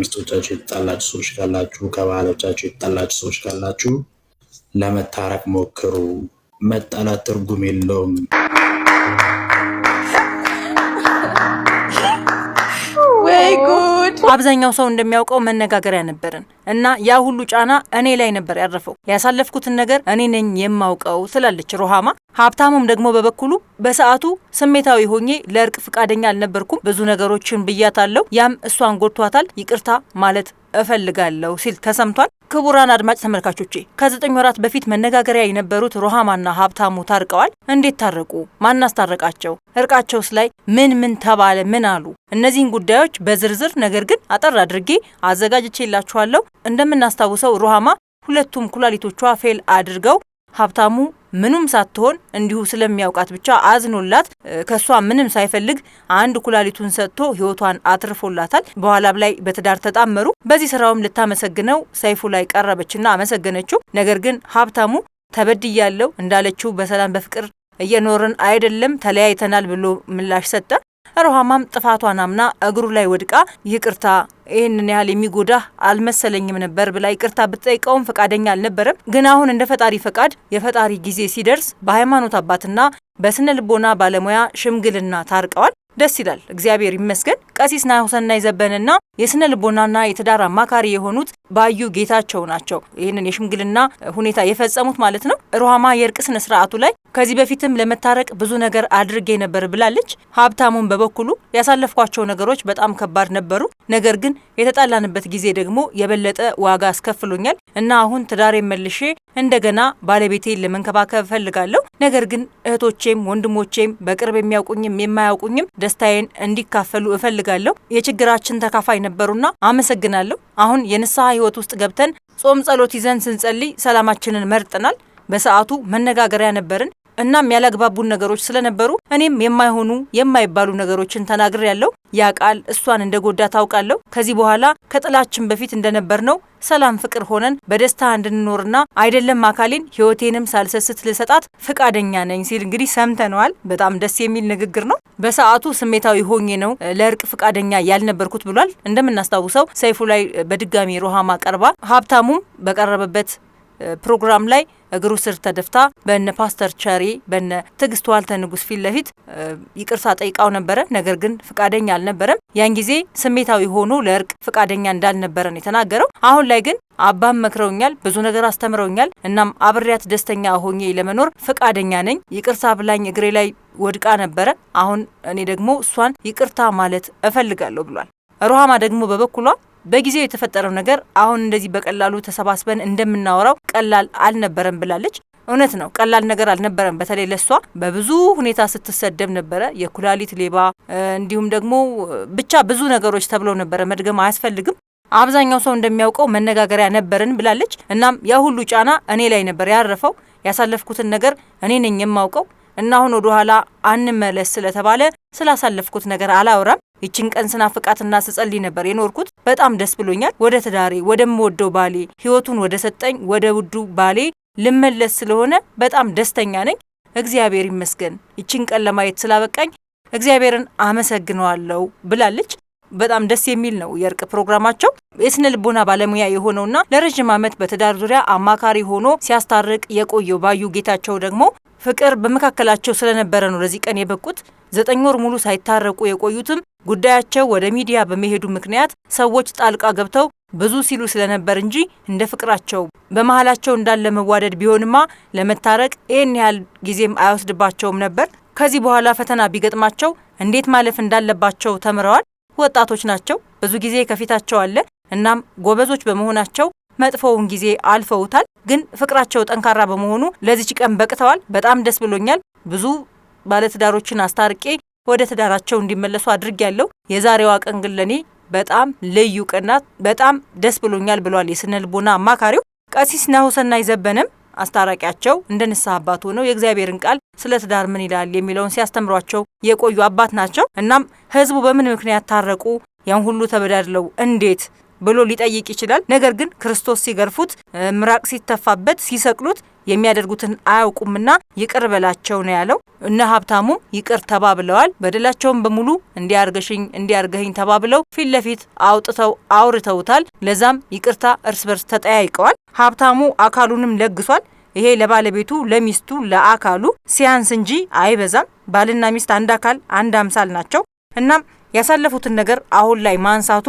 ከሚስቶቻችሁ የተጣላችሁ ሰዎች ካላችሁ፣ ከባሎቻችሁ የተጣላችሁ ሰዎች ካላችሁ ለመታረቅ ሞክሩ። መጣላት ትርጉም የለውም። ወድ አብዛኛው ሰው እንደሚያውቀው መነጋገሪያ ነበርን እና ያ ሁሉ ጫና እኔ ላይ ነበር ያረፈው። ያሳለፍኩትን ነገር እኔ ነኝ የማውቀው ትላለች ሮሃማ። ሀብታሙም ደግሞ በበኩሉ በሰዓቱ ስሜታዊ ሆኜ ለእርቅ ፍቃደኛ አልነበርኩም፣ ብዙ ነገሮችን ብያታለሁ፣ ያም እሷን ጎድቷታል፣ ይቅርታ ማለት እፈልጋለሁ ሲል ተሰምቷል። ክቡራን አድማጭ ተመልካቾቼ ከዘጠኝ ወራት በፊት መነጋገሪያ የነበሩት ሮሃማና ሀብታሙ ታርቀዋል። እንዴት ታረቁ? ማን አስታረቃቸው? እርቃቸውስ ላይ ምን ምን ተባለ? ምን አሉ? እነዚህን ጉዳዮች በዝርዝር ነገር ግን አጠር አድርጌ አዘጋጅቼ የላችኋለሁ። እንደምናስታውሰው ሮሃማ ሁለቱም ኩላሊቶቿ ፌል አድርገው ሀብታሙ ምኑም ሳትሆን እንዲሁ ስለሚያውቃት ብቻ አዝኖላት ከእሷ ምንም ሳይፈልግ አንድ ኩላሊቱን ሰጥቶ ህይወቷን አትርፎላታል። በኋላም ላይ በትዳር ተጣመሩ። በዚህ ስራውም ልታመሰግነው ሰይፉ ላይ ቀረበችና አመሰገነችው። ነገር ግን ሀብታሙ እያለው እንዳለችው በሰላም በፍቅር እየኖርን አይደለም ተለያይተናል ብሎ ምላሽ ሰጠ። ሮሃማም ጥፋቷን አምና እግሩ ላይ ወድቃ ይቅርታ ይህንን ያህል የሚጎዳ አልመሰለኝም ነበር ብላ ይቅርታ ብትጠይቀውም ፈቃደኛ አልነበረም። ግን አሁን እንደ ፈጣሪ ፈቃድ የፈጣሪ ጊዜ ሲደርስ በሃይማኖት አባትና በስነ ልቦና ባለሙያ ሽምግልና ታርቀዋል። ደስ ይላል። እግዚአብሔር ይመስገን። ቀሲስ ናሁሰናይ ዘበነና የስነ ልቦናና የትዳር አማካሪ የሆኑት ባዩ ጌታቸው ናቸው ይህንን የሽምግልና ሁኔታ የፈጸሙት ማለት ነው። ሩሃማ የእርቅ ስነ ስርዓቱ ላይ ከዚህ በፊትም ለመታረቅ ብዙ ነገር አድርጌ ነበር ብላለች። ሀብታሙን በበኩሉ ያሳለፍኳቸው ነገሮች በጣም ከባድ ነበሩ፣ ነገር ግን የተጣላንበት ጊዜ ደግሞ የበለጠ ዋጋ አስከፍሎኛል። እና አሁን ትዳሬ መልሼ እንደገና ባለቤቴን ለመንከባከብ እፈልጋለሁ። ነገር ግን እህቶቼም ወንድሞቼም በቅርብ የሚያውቁኝም የማያውቁኝም ደስታዬን እንዲካፈሉ እፈልጋለሁ። የችግራችን ተካፋይ ነበሩና አመሰግናለሁ። አሁን የንስሐ ህይወት ውስጥ ገብተን ጾም ጸሎት ይዘን ስንጸልይ ሰላማችንን መርጠናል። በሰዓቱ መነጋገሪያ ነበርን። እናም ያላግባቡን ነገሮች ስለነበሩ እኔም የማይሆኑ የማይባሉ ነገሮችን ተናግር ያለው ያ ቃል እሷን እንደጎዳ ታውቃለሁ። ከዚህ በኋላ ከጥላችን በፊት እንደነበር ነው ሰላም ፍቅር ሆነን በደስታ እንድንኖርና አይደለም አካሌን ህይወቴንም ሳልሰስት ልሰጣት ፍቃደኛ ነኝ ሲል እንግዲህ ሰምተነዋል። በጣም ደስ የሚል ንግግር ነው። በሰዓቱ ስሜታዊ ሆኜ ነው ለእርቅ ፍቃደኛ ያልነበርኩት ብሏል። እንደምናስታውሰው ሰይፉ ላይ በድጋሚ ሮሃማ ቀርባ ሀብታሙም በቀረበበት ፕሮግራም ላይ እግሩ ስር ተደፍታ በነ ፓስተር ቸሪ በነ ትግስት ዋልተ ንጉስ ፊት ለፊት ይቅርታ ጠይቃው ነበረ። ነገር ግን ፍቃደኛ አልነበረም። ያን ጊዜ ስሜታዊ ሆኖ ለእርቅ ፍቃደኛ እንዳልነበረ ነው የተናገረው። አሁን ላይ ግን አባም መክረውኛል፣ ብዙ ነገር አስተምረውኛል። እናም አብሬያት ደስተኛ ሆኜ ለመኖር ፍቃደኛ ነኝ። ይቅርታ ብላኝ እግሬ ላይ ወድቃ ነበረ። አሁን እኔ ደግሞ እሷን ይቅርታ ማለት እፈልጋለሁ ብሏል። ሩሃማ ደግሞ በበኩሏ በጊዜው የተፈጠረው ነገር አሁን እንደዚህ በቀላሉ ተሰባስበን እንደምናወራው ቀላል አልነበረም ብላለች። እውነት ነው፣ ቀላል ነገር አልነበረም። በተለይ ለሷ በብዙ ሁኔታ ስትሰደብ ነበረ። የኩላሊት ሌባ እንዲሁም ደግሞ ብቻ ብዙ ነገሮች ተብለው ነበረ። መድገም አያስፈልግም። አብዛኛው ሰው እንደሚያውቀው መነጋገሪያ ነበርን ብላለች። እናም ያ ሁሉ ጫና እኔ ላይ ነበር ያረፈው። ያሳለፍኩትን ነገር እኔ ነኝ የማውቀው። እና አሁን ወደ ኋላ አንመለስ ስለተባለ ስላሳለፍኩት ነገር አላወራም። ይችን ቀን ስናፍቃትና ስጸልይ ነበር የኖርኩት። በጣም ደስ ብሎኛል። ወደ ትዳሬ ወደምወደው ባሌ ህይወቱን ወደ ሰጠኝ ወደ ውዱ ባሌ ልመለስ ስለሆነ በጣም ደስተኛ ነኝ። እግዚአብሔር ይመስገን ይችን ቀን ለማየት ስላበቃኝ እግዚአብሔርን አመሰግነዋለሁ ብላለች። በጣም ደስ የሚል ነው የእርቅ ፕሮግራማቸው። የስነ ልቦና ባለሙያ የሆነውና ለረዥም ዓመት በትዳር ዙሪያ አማካሪ ሆኖ ሲያስታርቅ የቆየው ባዩ ጌታቸው ደግሞ ፍቅር በመካከላቸው ስለነበረ ነው ለዚህ ቀን የበቁት። ዘጠኝ ወር ሙሉ ሳይታረቁ የቆዩትም ጉዳያቸው ወደ ሚዲያ በመሄዱ ምክንያት ሰዎች ጣልቃ ገብተው ብዙ ሲሉ ስለነበር እንጂ እንደ ፍቅራቸው በመሀላቸው እንዳለ መዋደድ ቢሆንማ ለመታረቅ ይህን ያህል ጊዜም አይወስድባቸውም ነበር። ከዚህ በኋላ ፈተና ቢገጥማቸው እንዴት ማለፍ እንዳለባቸው ተምረዋል። ወጣቶች ናቸው፣ ብዙ ጊዜ ከፊታቸው አለ። እናም ጎበዞች በመሆናቸው መጥፎውን ጊዜ አልፈውታል። ግን ፍቅራቸው ጠንካራ በመሆኑ ለዚች ቀን በቅተዋል። በጣም ደስ ብሎኛል። ብዙ ባለትዳሮችን አስታርቄ ወደ ትዳራቸው እንዲመለሱ ያለው የዛሬዋ ቀን ግን ለእኔ በጣም ልዩ ቀናት በጣም ደስ ብሎኛል ብሏል የስነ ልቦና አማካሪው ቀሲስ ናሁሰናይ ዘበነም አስታራቂያቸው እንደ ንስሐ አባት ሆነው የእግዚአብሔርን ቃል ስለ ትዳር ምን ይላል የሚለውን ሲያስተምሯቸው የቆዩ አባት ናቸው። እናም ህዝቡ በምን ምክንያት ታረቁ? ያን ሁሉ ተበዳድለው እንዴት ብሎ ሊጠይቅ ይችላል። ነገር ግን ክርስቶስ ሲገርፉት፣ ምራቅ ሲተፋበት፣ ሲሰቅሉት የሚያደርጉትን አያውቁምና ይቅር በላቸው ነው ያለው። እነ ሀብታሙም ይቅር ተባብለዋል። በደላቸውን በሙሉ እንዲያርገሽኝ እንዲያርገኝ ተባብለው ፊት ለፊት አውጥተው አውርተውታል። ለዛም ይቅርታ እርስ በርስ ተጠያይቀዋል። ሀብታሙ አካሉንም ለግሷል። ይሄ ለባለቤቱ ለሚስቱ ለአካሉ ሲያንስ እንጂ አይበዛም። ባልና ሚስት አንድ አካል አንድ አምሳል ናቸው። እናም ያሳለፉትን ነገር አሁን ላይ ማንሳቱ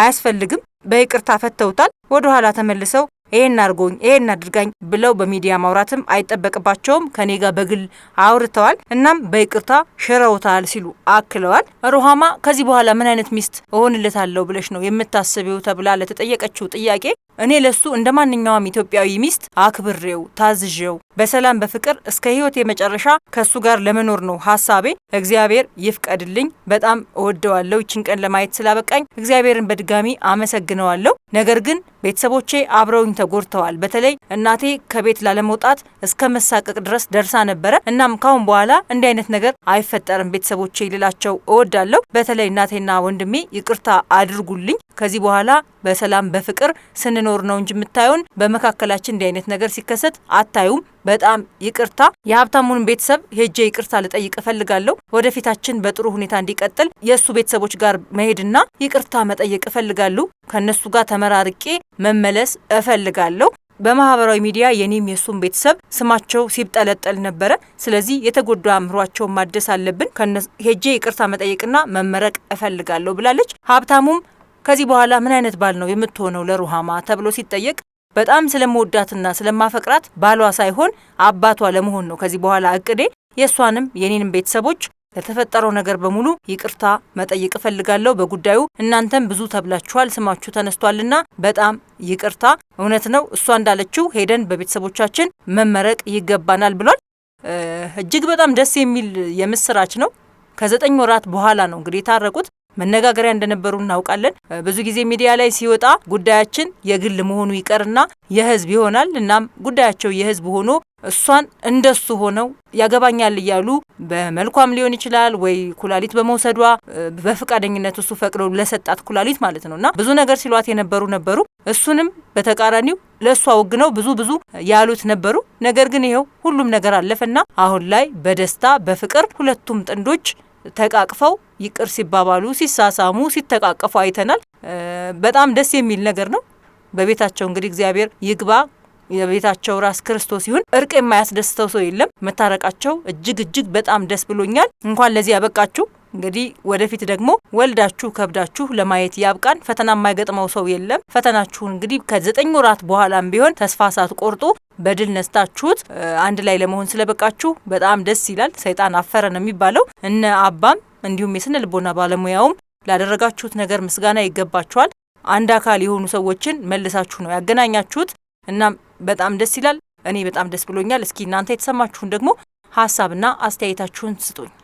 አያስፈልግም። በይቅርታ ፈተውታል። ወደ ኋላ ተመልሰው ይሄን አድርጎኝ ይሄን አድርጋኝ ብለው በሚዲያ ማውራትም አይጠበቅባቸውም። ከኔ ጋር በግል አውርተዋል፣ እናም በይቅርታ ሽረውታል ሲሉ አክለዋል። ሩሃማ ከዚህ በኋላ ምን አይነት ሚስት እሆንለታለሁ ብለሽ ነው የምታስቢው ተብላ ለተጠየቀችው ጥያቄ እኔ ለሱ እንደ ማንኛውም ኢትዮጵያዊ ሚስት አክብሬው ታዝዤው በሰላም በፍቅር እስከ ህይወት የመጨረሻ ከእሱ ጋር ለመኖር ነው ሀሳቤ። እግዚአብሔር ይፍቀድልኝ። በጣም እወደዋለሁ። ይችን ቀን ለማየት ስላበቃኝ እግዚአብሔርን በድጋሚ አመሰግነዋለሁ። ነገር ግን ቤተሰቦቼ አብረውኝ ተጎድተዋል። በተለይ እናቴ ከቤት ላለመውጣት እስከ መሳቀቅ ድረስ ደርሳ ነበረ። እናም ካሁን በኋላ እንዲህ አይነት ነገር አይፈጠርም ቤተሰቦቼ ልላቸው እወዳለሁ። በተለይ እናቴና ወንድሜ ይቅርታ አድርጉልኝ። ከዚህ በኋላ በሰላም በፍቅር ስንኖር ነው እንጂ የምታዩን፣ በመካከላችን እንዲህ አይነት ነገር ሲከሰት አታዩም። በጣም ይቅርታ። የሀብታሙን ቤተሰብ ሄጄ ይቅርታ ልጠይቅ እፈልጋለሁ። ወደፊታችን በጥሩ ሁኔታ እንዲቀጥል የእሱ ቤተሰቦች ጋር መሄድና ይቅርታ መጠየቅ እፈልጋሉ። ከእነሱ ጋር ተመራርቄ መመለስ እፈልጋለሁ። በማህበራዊ ሚዲያ የኔም የሱም ቤተሰብ ስማቸው ሲብጠለጠል ነበረ። ስለዚህ የተጎዱ አእምሯቸውን ማደስ አለብን። ሄጄ ይቅርታ መጠየቅና መመረቅ እፈልጋለሁ ብላለች። ሀብታሙም ከዚህ በኋላ ምን አይነት ባል ነው የምትሆነው ለሩሃማ ተብሎ ሲጠየቅ በጣም ስለመወዳትና ስለማፈቅራት ባሏ ሳይሆን አባቷ ለመሆን ነው ከዚህ በኋላ እቅዴ። የእሷንም የኔንም ቤተሰቦች ለተፈጠረው ነገር በሙሉ ይቅርታ መጠየቅ እፈልጋለሁ። በጉዳዩ እናንተም ብዙ ተብላችኋል፣ ስማችሁ ተነስቷልና በጣም ይቅርታ። እውነት ነው እሷ እንዳለችው ሄደን በቤተሰቦቻችን መመረቅ ይገባናል ብሏል። እጅግ በጣም ደስ የሚል የምስራች ነው። ከዘጠኝ ወራት በኋላ ነው እንግዲህ የታረቁት። መነጋገሪያ እንደነበሩ እናውቃለን። ብዙ ጊዜ ሚዲያ ላይ ሲወጣ ጉዳያችን የግል መሆኑ ይቀርና የህዝብ ይሆናል። እናም ጉዳያቸው የህዝብ ሆኖ እሷን እንደሱ ሆነው ያገባኛል እያሉ በመልኳም ሊሆን ይችላል ወይ ኩላሊት በመውሰዷ በፈቃደኝነት እሱ ፈቅዶ ለሰጣት ኩላሊት ማለት ነው እና ብዙ ነገር ሲሏት የነበሩ ነበሩ። እሱንም በተቃራኒው ለእሷ ወግነው ብዙ ብዙ ያሉት ነበሩ። ነገር ግን ይኸው ሁሉም ነገር አለፈና አሁን ላይ በደስታ በፍቅር ሁለቱም ጥንዶች ተቃቅፈው ይቅር ሲባባሉ፣ ሲሳሳሙ፣ ሲተቃቀፉ አይተናል። በጣም ደስ የሚል ነገር ነው። በቤታቸው እንግዲህ እግዚአብሔር ይግባ። የቤታቸው ራስ ክርስቶስ ይሁን። እርቅ የማያስደስተው ሰው የለም። መታረቃቸው እጅግ እጅግ በጣም ደስ ብሎኛል። እንኳን ለዚህ ያበቃችሁ። እንግዲህ ወደፊት ደግሞ ወልዳችሁ ከብዳችሁ ለማየት ያብቃን። ፈተና የማይገጥመው ሰው የለም። ፈተናችሁን እንግዲህ ከዘጠኝ ወራት በኋላም ቢሆን ተስፋ ሳትቆርጡ በድል ነስታችሁት አንድ ላይ ለመሆን ስለበቃችሁ በጣም ደስ ይላል። ሰይጣን አፈረ ነው የሚባለው። እነ አባም እንዲሁም የስነ ልቦና ባለሙያውም ላደረጋችሁት ነገር ምስጋና ይገባችኋል። አንድ አካል የሆኑ ሰዎችን መልሳችሁ ነው ያገናኛችሁት። እናም በጣም ደስ ይላል። እኔ በጣም ደስ ብሎኛል። እስኪ እናንተ የተሰማችሁን ደግሞ ሀሳብና አስተያየታችሁን ስጡኝ።